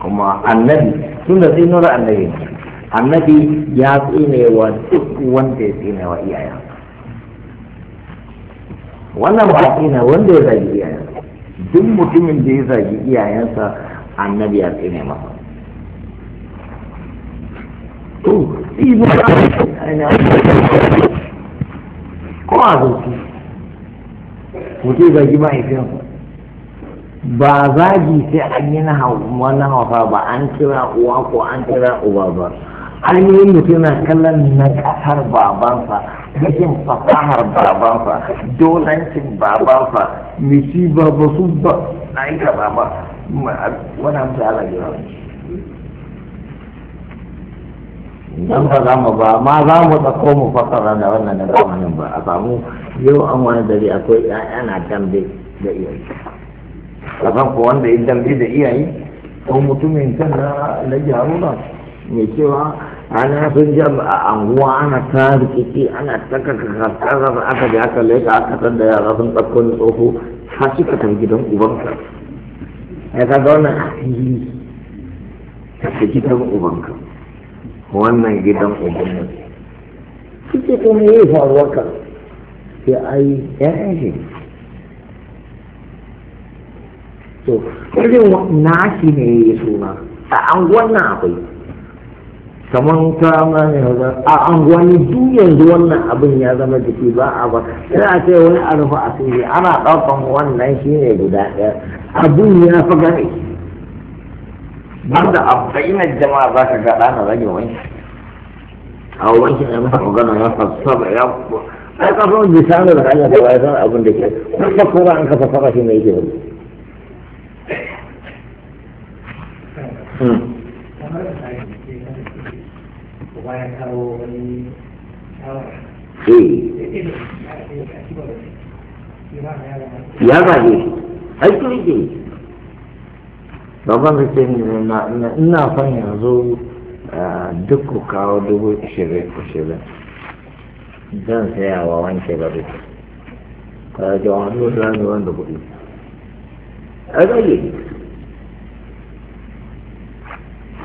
kuma annabi tun da tsinuwar annabi annabi ya tsinewa duk wanda ya wa iyayen wannan ba tsine wanda ya zagi iyayen duk mutumin da ya zagi iyayensa annabi ya tsine masa to tsinuwar ko a zuci mutum zagi mahaifiyarsa ba zagi sai an yi na wannan hausa ba an kira uwa ko an kira uba ba an yi mutum na kallon na kasar babansa rashin fasahar babansa dolancin babansa mishi ba ba su ba na yi ka baba wani mutum ya zagi ba dan ba za mu ba ma za mu tsako mu fasara da wannan na zamanin ba a samu yau an wani dare akwai 'ya'ya na dambe da iyayi kasan ko wanda ya dambe da iyaye ko mutumin kan na jaruna mai cewa ana sun jam a anguwa ana ta rikici ana ta kakakasar aka da aka leka aka san da yara sun ɗauko ni tsoho shi ka tafi gidan ubanka ya ka ga wannan asiri ta fi gidan ubanka wannan gidan ubanka kike kuma yi faruwa kan sai ai ya shi to na shi ne ya suna a anguwan nan akwai kamar ta mani hausa a anguwanni duk yanzu wannan abin ya zama jiki ba a ba sai a ce wani a rufe ana ɗaukan wannan shi ne guda ɗaya abin ya fi gane banda a na jama'a za ka ga ɗana rage wani a wani ne masa gana ya fassara ya ai kafin misalin da hanyar da ya san abin da ke kuma an kafa fara shi ne yake wani Hmm. Eh. ya zage shi aiki yake babban da ce ina son yanzu ah, duk ku kawo dubu ishirin ishirin zan saya wa wanke gari ta wanda kuɗi a zage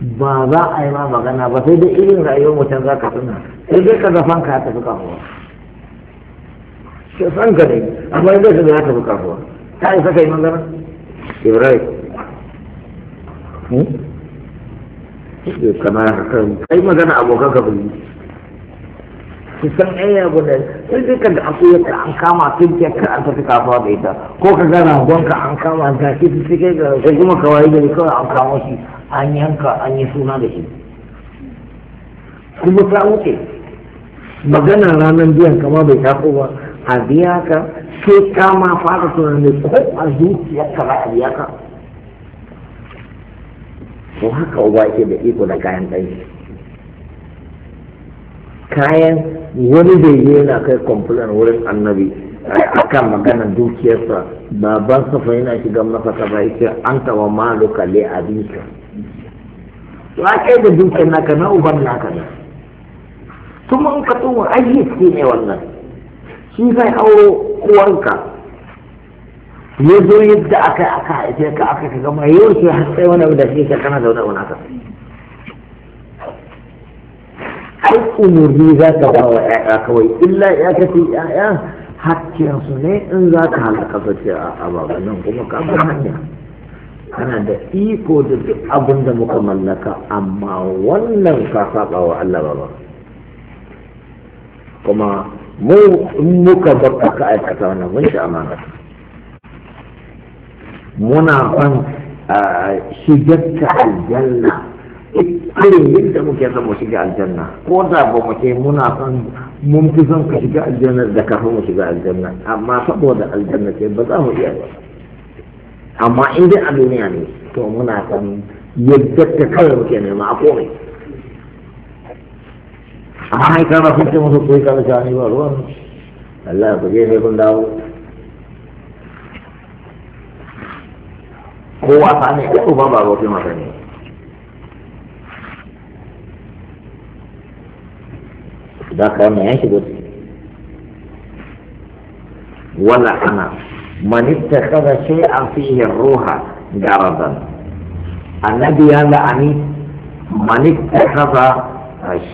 ba za a yi ma magana ba sai dai irin rayuwar mutum za ka suna sai dai ka zafan ka tafi kafuwa sai san ka ne amma yadda ka ya tafi kafuwa ta isa ka yi magana ibrahim hmm? kana kai magana abokan ka bai su san ɗaya abu da sai dai ka da akuyar ka an kama tun ka an tafi kafuwa da ita ko ka gana gwanka an kama ga shi su kai ga kuma kawai gari kawai an kama shi an yanka an yi suna da shi kuma ta wuce magana ranar biyan kama bai taso ba a biya ka sai ka ma fara tunanin ko a zuciyarka ba a biya ka ko haka uba yake da iko da kayan ɗanshi kayan wani bai yi yana kai kwamfutar wurin annabi a kan maganar dukiyarsa babansa safa yana shiga masa ba yake an taɓa maluka le abinka ya kai da dukiyar naka na uban naka ne kuma in ka tsohon ayyuki ne wannan shi zai auro uwanka ya zo yadda aka aka haife ka aka ka gama yau sai har sai wani abu da shi ka kana zaune wani haka ai umurni za ka ba wa ƴaƴa kawai illa ya ka fi ƴaƴa hakkin su ne in za ka halaka ka ce a babanin kuma ka hanya kana da iko da duk abin da muka mallaka amma wannan ka saba wa Allah ba kuma mu in muka bar ka aikata wannan mun shi amana muna kan shigar ta aljanna irin yadda muke zama mu shiga aljanna ko da ba mu ce muna kan mun fi son ka shiga aljanna da kafin mu shiga aljanna amma saboda aljanna ce ba za mu iya ba amma in dai a duniya ne to muna kan yadda ta kawai muke nema a komai amma ai kana sun musu kai kana shani ba ruwan Allah ya kuje sai kun dawo kowa ta ne ko ba ba roƙi mata ne da ka wannan ya shigo wala ana من اتخذ شيئا فيه الروح جردا النبي قال عني من اتخذ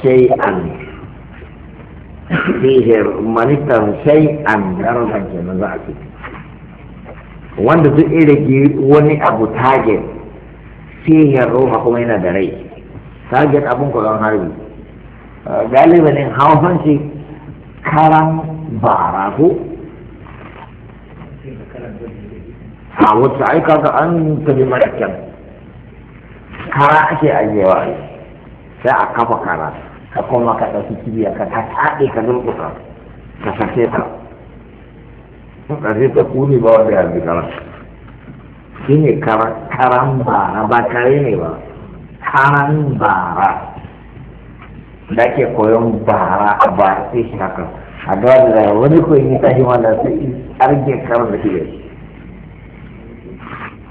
شيئا فيه من اتخذ شيئا جردا كما ذاتي وانت تقلق ابو تاجر فيه الروح كمين دري تاجر ابو كلام هاربي قال لي بلين هاو فانسي كرم باراكو a wata ai kaga an tafi mara kyan kara ake ajiyewa sai a kafa kara ka koma ka ɗauki kibiya ka ta taɗe ka durƙusa ka sake ta ƙarfi ta kuni ba wanda ya kara shi ne karan bara ba kare ne ba karan bara da ke koyon bara a bara sai shi haka a da wani koyi ne ta shi wanda sai arge karan da shi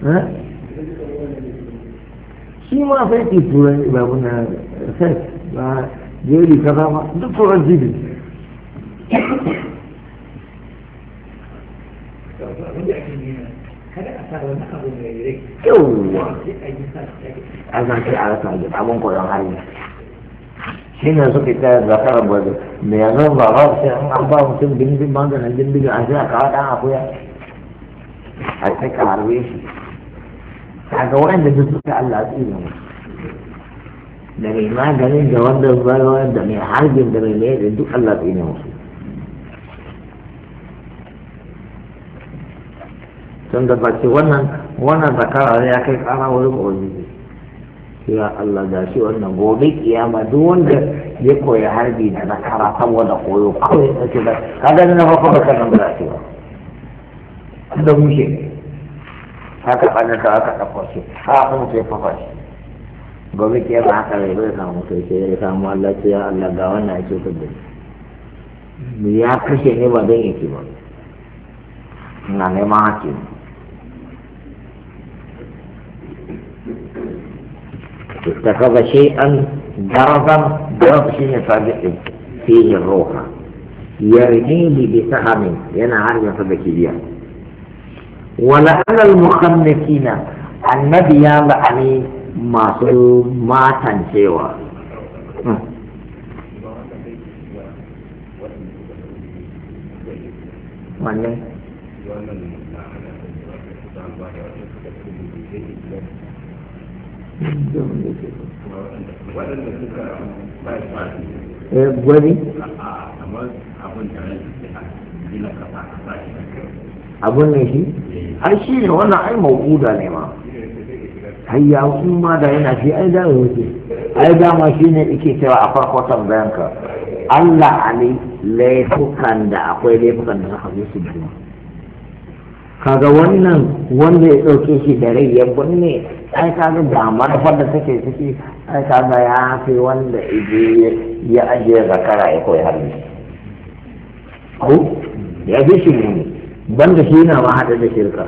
shi ma fenti turai ba muna set ba jeri kaza ba duk turan jibi yauwa a zance a rasa ajiyar abin koyon shi ne ta ba ba sai an ba mutum maganin a sai a kawo dan akuya a sai ka harbe shi kaga wanda duk suka Allah su ne da mai maganin da wanda zuwa da mai harbin da mai mai da duk Allah ne musu tun da baki wannan wannan zakara ya kai kara wurin ubangiji ya Allah da shi wannan gobe kiyama duk wanda ya koya harbi da zakara saboda koyo kawai ya ce da kaga na farko da kanan ba za ba da mushe ne haka ɓanar da aka ɗauko shi kafin sai fafa shi gobe ke ba haka bai bai samu sai sai ya samu Allah ce ya Allah ga wannan ake kudu ya kashe ne ba zan yake ba na neman hakim ta kaga shi an darazan darazan shi ne sabi ɗin fiye roha yarni bi sahamin yana har yanzu da kibiya wala alal mukhannakina annabi ya la'ani masu matancewa wanne gwani? abin da rai gina kasa kasa shi abun ne shi ai shi ne wannan ai mawuda ne ma hayya in ma da yana shi ai da wuce ai ma shi ne ike cewa a farko ka. Allah ali laifukan da akwai laifukan da suka zo su biyu kaga wannan wanda ya ɗauke shi da rai ya binne ai kaga da manufar da take ciki ai kaga ya fi wanda ije ya ajiye zakara ya koyi harbi ko ya fi shi ne banda shi na ma haɗe da shirka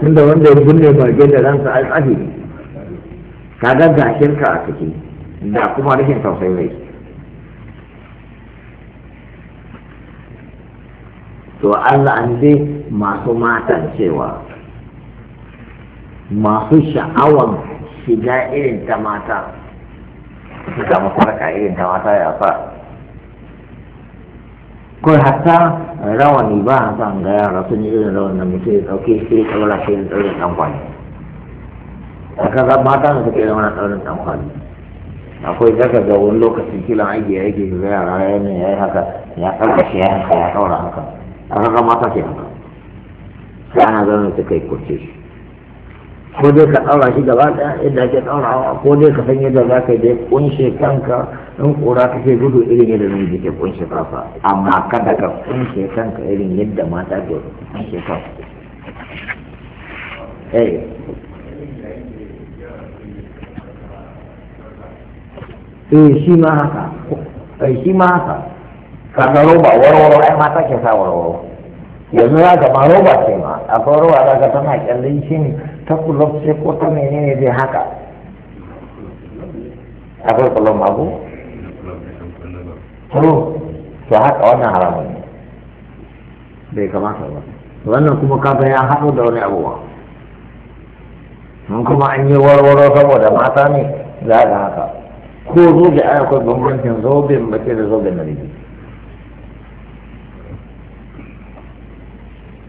tunda wanda ya binne barge da ransa ai tsafi kaga ga shirka a ciki da kuma rashin tausayi mai. to Allah an dai masu matan cewa masu sha'awan shiga irin ta mata su samu farka irin ta mata ya fa ko hatta rawani ba a san ga yara sun yi irin rawan da mutum ya ɗauke shi ya ɗaura shi ya ɗaure ɗan kwali a kaza mata da suke da wani ɗaurin ɗan akwai zaka ga wani lokaci kilan aiki ya yake ga yara ya ne ya yi haka ya ɗaura shi ya haka ya ɗaura haka a kaga mata ke haka sai ana zanen su yi kurce shi ko dai ka ɗaura shi gaba ɗaya yadda ake ɗaurawa ko dai ka san yadda za ka dai kunshe kanka in kura kake gudu irin yadda namiji ke kunshe kanka amma kada ka kunshe kanka irin yadda mata ke kunshe kansa eh eh shi ma haka eh shi ma haka kaga roba warwaro ai mata ke sa warwaro yanzu za ka ma roba ce ma akwai roba za ka tana kyallin shi ne ta kulob ce ko ta ne zai haka akwai kulob ma ko? to haka wannan haramun ne bai kamata ba wannan kuma kafa ya haɗu da wani abuwa mun kuma an yi warwaro saboda mata ne za ka haka ko zobe akwai bambancin zobe mace da zobe na rigi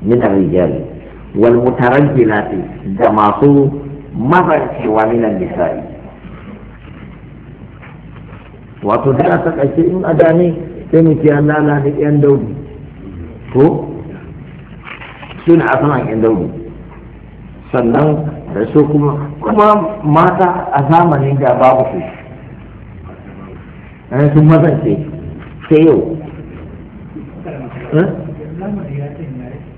من الرجال والمترجلات جماسو mutarajjilati da masu النساء wato da aka kace in a adani sai mu kiyan lala da yan daudi ko suna a saman yan daudi sannan da su kuma kuma mata a zamanin da babu su eh, sun mazance sai yau eh?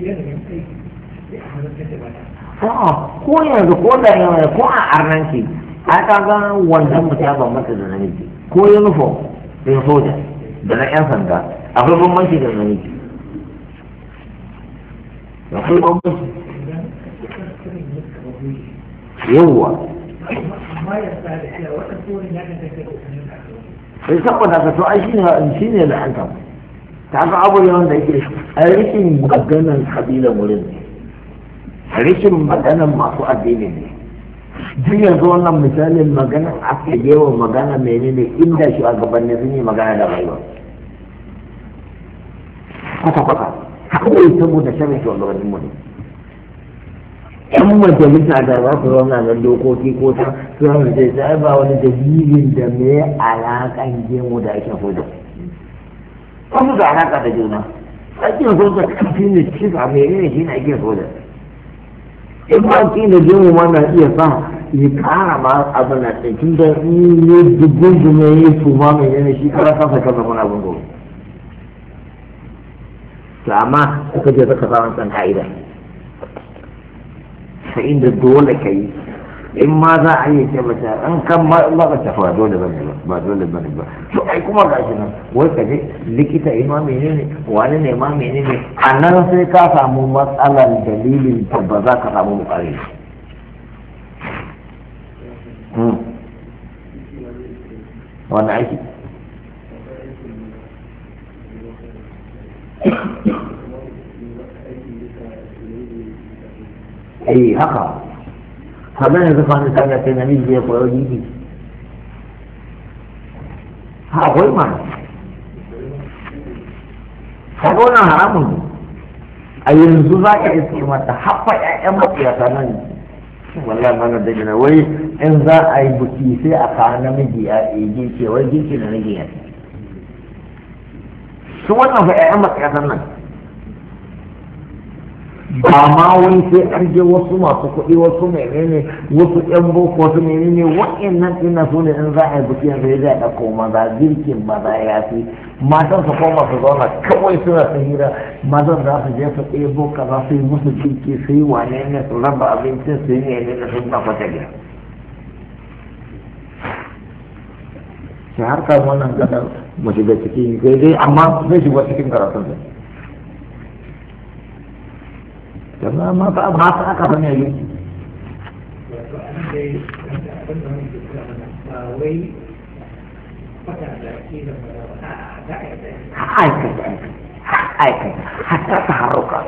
a'a ko yanzu ko da yawa ko a arnanci a ga wannan mutum ya bambanta da namiji ko uniform da soja da na yan sanda akwai bambanci da namiji akwai bambanci yawwa sai saboda ka to ai shine shine la'anta ta ga abu wanda da yake a rikin maganan kabilan wurin ne rikin maganan masu addini ne duk yanzu wannan misalin maganan aka yawa magana ne inda shi a gabanin sun yi magana da rayuwa kwata-kwata kawai saboda shirin shi wanda gabanin mu ne yan majalisa da za su zauna na dokoki ko ta su zai ba wani dalilin da mai alaƙan gemu da ake hudu kuma da alaka da juna aikin soja ƙarfi ne cikin a menene shi na aikin soja in ba ki da jimu ma na iya sa ya kara ma abin da tun da in yi dubun dume ya yi tuma menene shi kara kansa kan zama abin gobe to amma suka je suka sa wancan ka'ida sai inda dole ka yi in ma za a yi ce mace an kan ma in ba ka tafi ba dole bane ba dole bane ba to ai kuma ga shi nan wai ka je likita ima eh, menene wani ne ma menene a nan sai ka samu matsalar dalilin da ba za ka samu bukari hmm. wani aiki eh haka sannan yanzu fa ta ga sai namiji zai koyo gidi ha akwai ma kaga wannan haramun ne a yanzu za ka iske mata haffa ƴaƴan matsiyata nan wallahi mana da gina wai in za a yi buki sai a kawo namiji a girke wai girke da namiji ya su wannan fa ƴaƴan matsiyatan nan ba ma wani sai an je wasu masu kuɗi wasu menene wasu yan boko wasu menene wa'annan ina so ne in za a yi biki yanzu ya ga ɗauko maza girkin maza ya fi matan su koma su zauna kawai suna ta hira mazan za su je su ɗebo za su yi musu girki su yi wane ne su raba abincin su yi ne ne da sun kafa ta gida. sai harkar wannan gadar mu shiga cikin gaidai amma zai shiga cikin karatun da كما ما فأبغى أقف من يجي حتى تحركات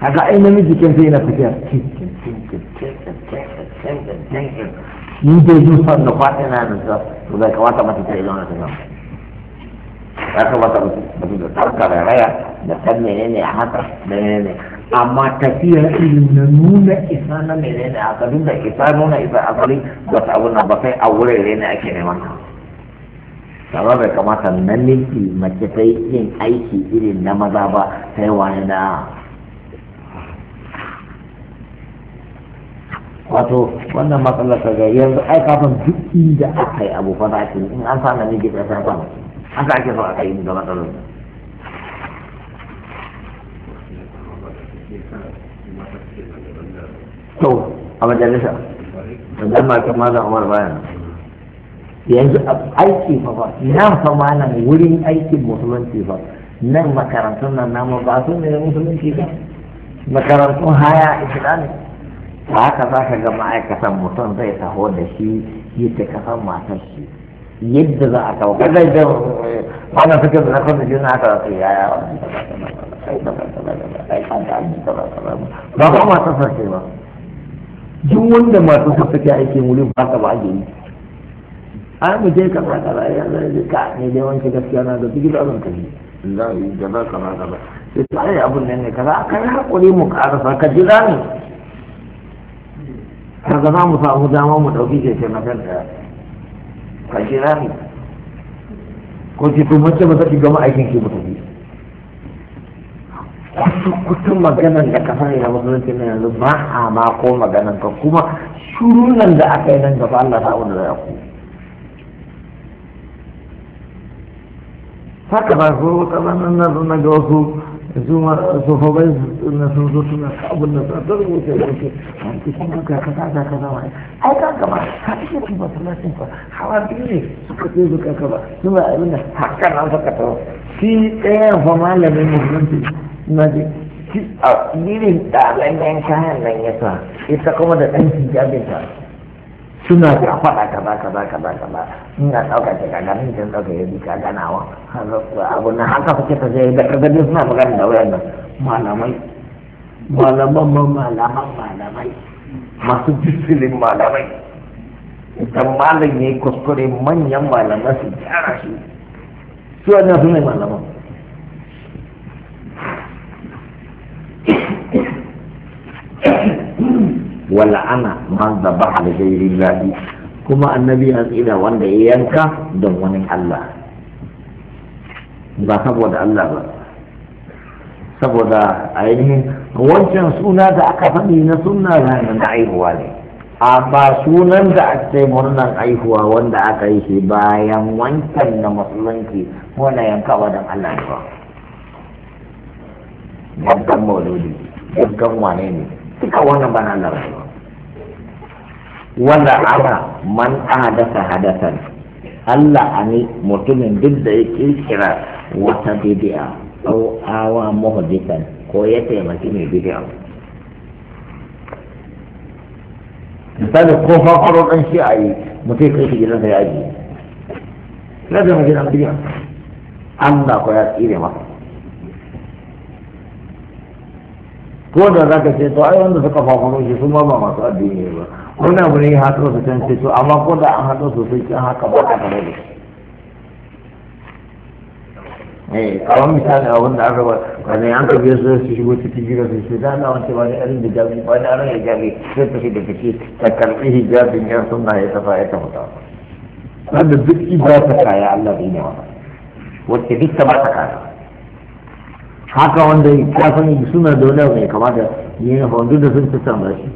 هذا أين مجي كان فينا فكرة يجي يوصل نقاط هنا بالظبط وذلك وانت ما تتعلمون تماما ya kamata mutum da tarka da raya da san menene a haka da menene amma tafiya na nuna isa na menene haka duk da isa nuna isa asali ba ta abu na ba sai a wurare ne ake neman ta sama bai kamata namiji mace ta yi yin aiki irin na maza ba sai wani na wato wannan matsalar ka ga yanzu ai kafin duk inda aka yi abu fa in an sa namiji ta sa mace haka ake so a kai ni ga matsalolin to a majalisa da dan matan mazan umar bayan yanzu aiki fa ba nan fa ma nan wurin aikin musulunci ba nan makarantun nan namu ba su ne musulunci ba makarantun haya islami ta haka za ka ga ma'aikatan mutum zai taho da shi yi ta kafan matar shi yadda za a kawo kada da wannan suke da nakon da juna haka su yaya ba ba masu sassace ba duk wanda masu sassace aiki wuri ba ta ba a yi ai mu je kaza kaza ya zai ka ne dai wanke gaskiya na da duk da zan kaji za yi gaba kaza da sai ta ai abun nan ne kaza kai hakuri mu karasa ka jira ne za mu samu dama mu ɗauki ke na da. kashi rami ko ce to mace ba saki gama aikin ki mutane kusa kusan maganan da kafa ya musulunci na yanzu ba a ma ko maganan ka kuma shurunan da aka yi nan gaba Allah ta wanda ya ku haka ba ko wata ranar na ga wasu yanzu ma tsofaffai na sun zo suna abin da sa ta rubuta ya ce an ci kuma ka kaza ka kaza wani ai gama ka ku ba hawa biyu ne suka ce zuka ka ba su ba abin da na ta shi ɗaya fa malamin musulunci na ji shi a irin ɗalan kayan nan ya sa ita kuma da ɗan hijabin ta suna da faɗa kaza kaza kaza kaza ina ɗauka ce ka ganin can ɗauka ya bi ka ganawa abu na haka suke ta sai da kaga suna magana da wayan nan malamai malaman ma malaman malamai masu jisilin malamai idan malam ya yi kuskure manyan malamai su gyara shi su wannan su ne malaman wala ana man zaba da gairi lahi kuma annabi ya tsira wanda ya yanka don wani Allah ba saboda Allah ba saboda ainihin wancan suna da aka faɗi na suna ranar da aihuwa ne amma sunan da aka yi murnan aihuwa wanda aka yi shi bayan wancan na musulunci wanda yankawa don Allah ne ba yankan mauludi yankan wane ne suka wannan bana na rayuwa wanda ana man hadasa hadasan Allah ani mutumin duk da ya kirkira wata bid'a ko awa muhdisan ko ya taimaki mai bidi'a misali ko farfaro ɗan shi a yi mutum kai shi gidansa ya ajiye na zama gidan an Allah ko ya tsire masa ko da za ka ce to ai wanda suka fafaro shi sun ba masu addini ba kuna bane ya haɗo su can ce to amma ko da an haɗo su sai can haka ba ka kare da eh kawai misali a wanda aka ba wani an ka biyar su su shigo cikin gida su ce dana wance ba ne da jami ba ne irin jami sai ta da fice ta karɓi hijabin yan suna ya tafa ya tafi ta wanda duk ibada kaya Allah bai ne wata wacce duk ta ba ta kaya haka wanda ya san suna da wani abu mai kama da uniform duk da sun fi san shi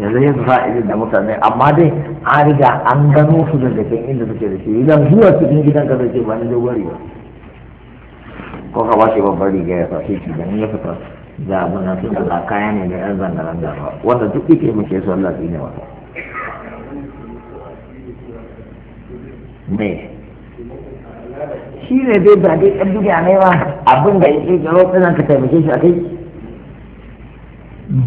yanzu yanzu sa irin da mutane amma dai an riga an gano su daga can inda suke da shi idan zuwa cikin gidan ka zai ba ni dogon riga ko ka ba shi babbar riga ya fashe shi da ni ya fita da abu na su da kaya ne da yan zangaran da ba wanda duk ike muke so Allah ne wata. Me? shi ne dai ba dai ɗan duniya ne ba abin da yake gaba tana ka taimake shi a kai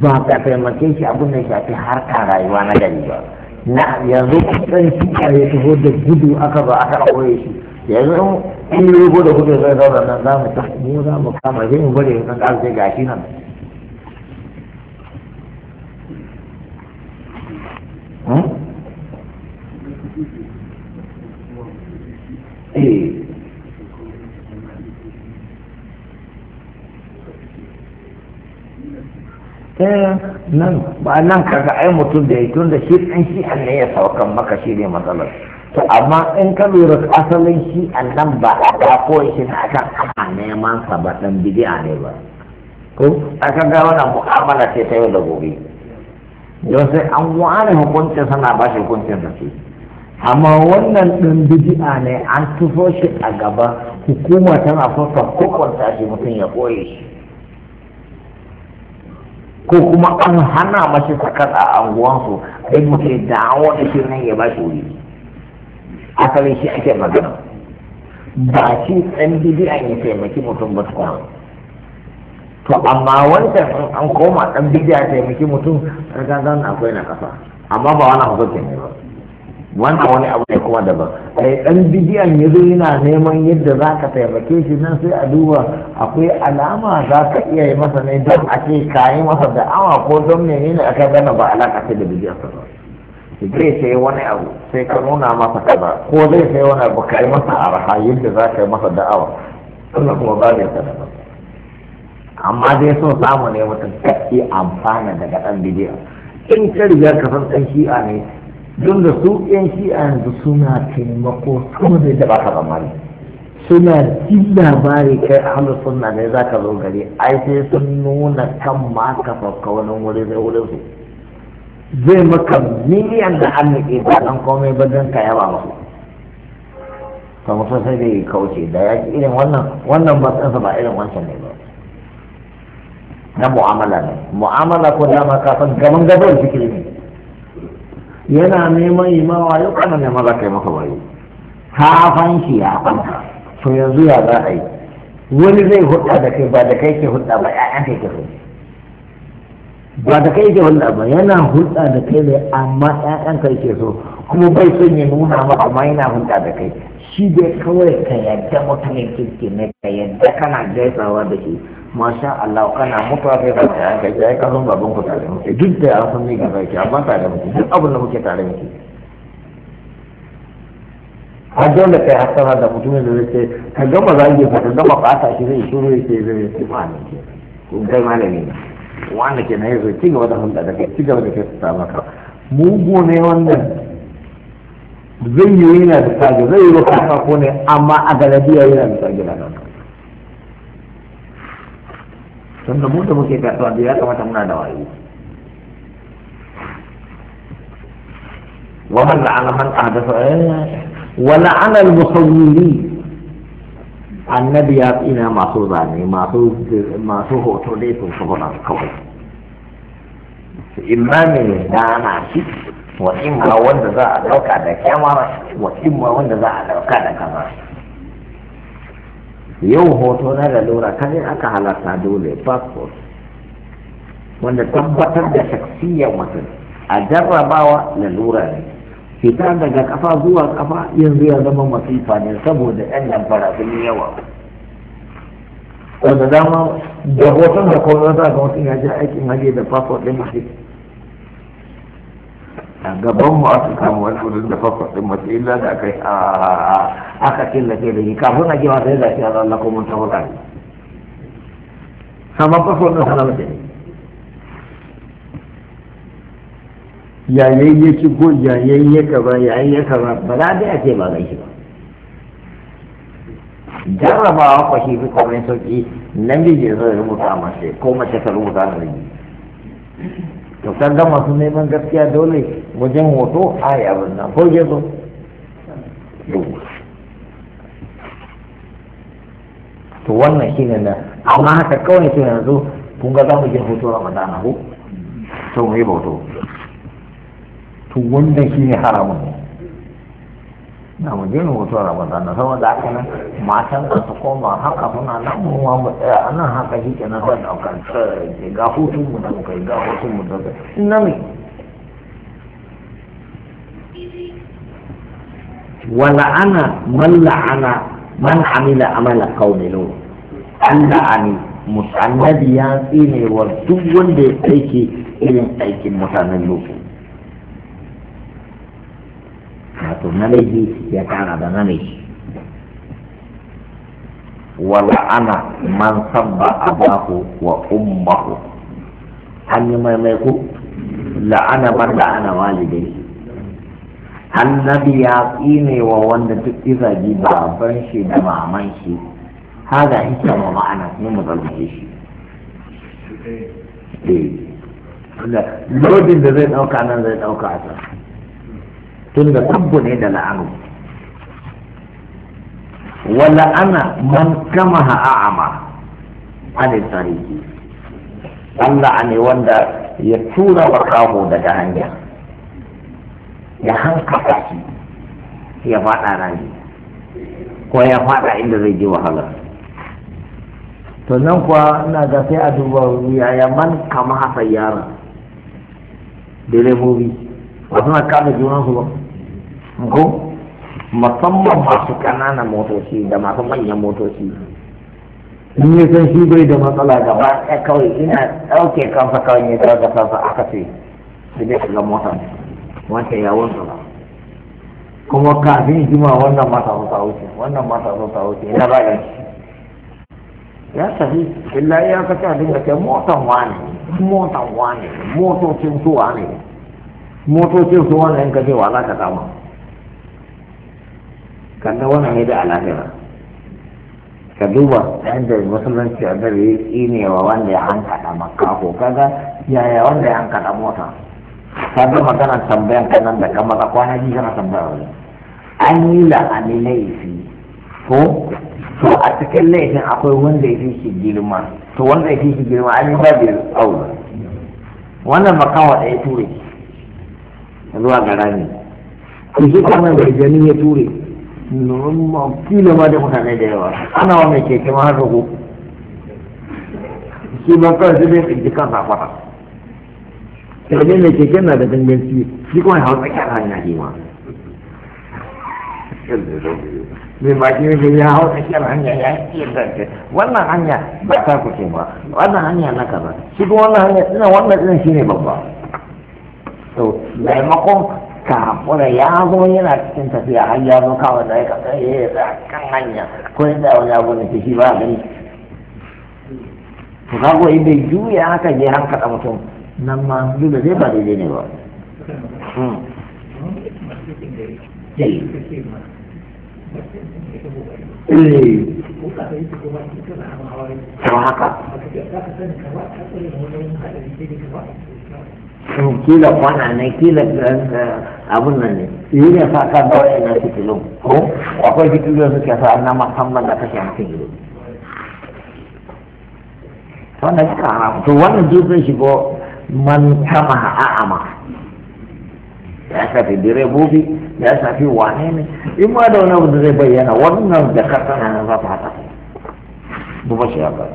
ba ka taimake shi abin da shafi ka rayuwa na gari ba na yanzu kusan shi a ya taho da gudu aka ba aka koye shi yanzu in yi da gudu zai zaura nan za mu ta mu za mu kama zai mu bari ya san ɗan sai gashi nan Eh, eh nan ba nan kaga ai mutum da ya tun da shi ɗan shi ne ya saukan maka shi ne matsalar to amma in ka lura asalin shi nan ba a ko shi na aka kama neman sa ba dan ne ba ko aka ga wannan mu'amala ce ta yau da gobe don sai an ware hukuncin sana ba shi hukuncin da shi amma wannan ɗin bidi'a ne an tufo shi a gaba hukuma tana fafa kokonta shi mutum ya ɓoye shi ko kuma an hana mashi sakar a anguwansu sai mutum da wani shi nan ya ba shi wuri asalin shi ake magana ba shi ɗan bidi'a ya taimaki mutum ba tukwa to amma wancan an koma ɗan bidi'a taimaki mutum rigar akwai na ƙasa amma ba wani hukuncin ne ba wannan wani abu ne kuma daban ai dan bidiyan ya zo yana neman yadda za ka taimake shi nan sai a duba akwai alama za ka iya yi masa ne don a ce ka yi masa da awa ko don menene aka gana ba alaka ce da bidiyan sa ba zai sai wani abu sai ka nuna masa kaza ko zai sai wani abu ka yi masa arha yadda za ka yi masa awa wannan kuma ba zai ta daban amma dai so samu ne mutum kake amfana daga dan bidiyan in ka riga ka san dan shi'a ne don da su shi a yanzu suna taimako kuma zai taɓa ka zamani suna jin labari kai hannun suna ne za ka zo gari ai sai sun nuna kan ma ka sauka wani wuri zai wurin su zai maka miliyan da an nake ba dan komai ba don ka yaba masu ta mutum sai dai kauce da ya ki irin wannan wannan ba tsansa ba irin wancan ne ba na mu'amala ne mu'amala ko dama kafin gaban gaban fikiri ne yana neman yi mawa yau kana neman za ka yi maka bayi hafan fanki ya kwanta to yanzu ya za a yi wani zai hudda da kai ba da kai ke hudda ba ya'yan kai ke hudda ba da kai ke hudda ba yana hudda da kai ne amma ya'yan kai ke so kuma bai son ya nuna maka amma yana hudda da kai shi dai kawai ka yadda mutumin kirki ne ka yadda kana gaisawa da shi masha Allah kana mutuwa sai ka tsaya ka ya ka san babban ku tare muke duk da ya san ni gaba ki amma tare muke duk abin da muke tare muke har da kai hasara da mutumin da zai ce ka gama zagi ka ka gama fata shi zai shiru ya ce zai ce ma ne ke ko kai malami ne wanda ke na zai ci gaba da hulɗa da kai ci gaba da kai su ta maka mugu ne wannan zai yi yana da sage zai yi wa kafa ko ne amma a galabiya yana da sage da kanka tun da mutu muke kasuwa da ya kamata muna da wayo wa man la'ana man sa eh, wa la'ana al-musawwirin annabi ya tsina masu zane masu hoto dai sun su guna kawai imma ne ana shi wa imma wanda za a dauka da kyamara wa imma wanda za a dauka da kamara yau hoto na da lura kanin aka halarta dole passport wanda tabbatar da shaksiyar mutum a jarrabawa lalura ne fita daga kafa zuwa kafa yanzu ya zama masifa ne saboda yan lambara sun yi yawa wanda dama da hoton da kwanar za ga wasu ya je aikin haje da passport ɗin mutum a gaban mu aka kama wani wurin da fafasin mace illa da aka aka killace da shi kafin a ji wata yadda zafi a zalla ko mun wuta ne sama faso ɗin sana mace ne yayin ya ci ko yayin ya kaza yayin ya kaza ba za dai a ce ba gaishe ba jarrabawa ko shi fi komai sauki namiji zai rubuta mace ko mace ta rubuta namiji to kan ga masu neman gaskiya dole wajen hoto a yi abin nan ko gezo to wannan shi ne na amma haka kawai shi yanzu kun ga za mu je hoto ramadana ko to mu yi hoto. to wanda shi ne haramun ne na mu je hoto sama da aka nan matan ka su koma haka suna nan mu ma mu tsaya a nan haka shi ke nan zan ɗaukar ga hutun mu da muka yi ga hutun mu da muka yi ولعن من لعن من عمل عمل قوم لوط an la'ani annabi ya tsine wa duk wanda ya aiki irin aikin mutanen wato namiji ya kara da namiji wa la'ana man sabba abahu wa ummahu an yi maimaiku la'ana man la'ana walidai annabi ya tsine wa wanda duk izagi baban shi da maman shi ga hikya ma ma'ana mu mu zalmace shi eh. lodin da zai dauka nan zai dauka a can tun da tabbu ne da la'anu wala ana man kama ha'ama anil tariki Allah ne wanda ya tura wa daga hanya ya hankaka shi ya faɗa rami ko ya faɗa inda zai ji wahala to nan kuwa ina ga sai a duba yaya man kama hasa yara direbobi ba suna kama junansu ba ko musamman masu ƙananan motoci da masu manyan motoci in ya san shi bai da matsala gaba ɗaya kawai ina ɗauke kansa kawai ne daga kansa aka ce da zai motar wancan ya wanzu kuma kafin jima wannan mata zo ta wuce wannan mata zo ta wuce ina ba ya tafi illa ya ka ta dinga kai motan wani motan wani motocin su wani motocin su wani in ka je wala ka kama kanna wannan ne da alahira ka duba yadda musulunci a dare yi ne wa wanda ya maka makaho kaga yaya wanda ya hankala mota ka magana tambayan ka nan da kamar kwana biyu kana tambaya wani an yi la'ani laifi ko so a cikin laifin akwai wanda ya fi shi girma to wanda ya fi shi girma an yi babiyar aure wannan makawa ya ture zuwa gara ne ku shi kamar da janin ya ture kila ma da mutane da yawa ana wa mai keke ma har rubu shi ma kawai zai bai tsinci kansa fata sai mai keken na da danganci shi kuma hawa tsakiyar hanya shi ma mai baki ne ya hau tsakiyar hanya ya da ke. wannan hanya ba ta kuce ba wannan hanya na kaza shi kuma wannan hanya ina wannan ɗin shi ne babba to maimakon ka haƙura ya zo yana cikin tafiya har ya zo kawai da ya kasa ya yi kan hanya ko yadda wani abu ne shi ba gani to kago idan juya haka je hankala mutum nan ma da zai ba daidai ne ba hmm. eh. haka hmm, kila kwana ne kila eh, abun nan ne yi ne ka ko akwai da wannan ka to wannan shigo man kama a'ama ya shafi direbobi ya shafi wane ne in ma da wani abu da zai bayyana wannan da ka na nan za ta haɗa ba shi ya ba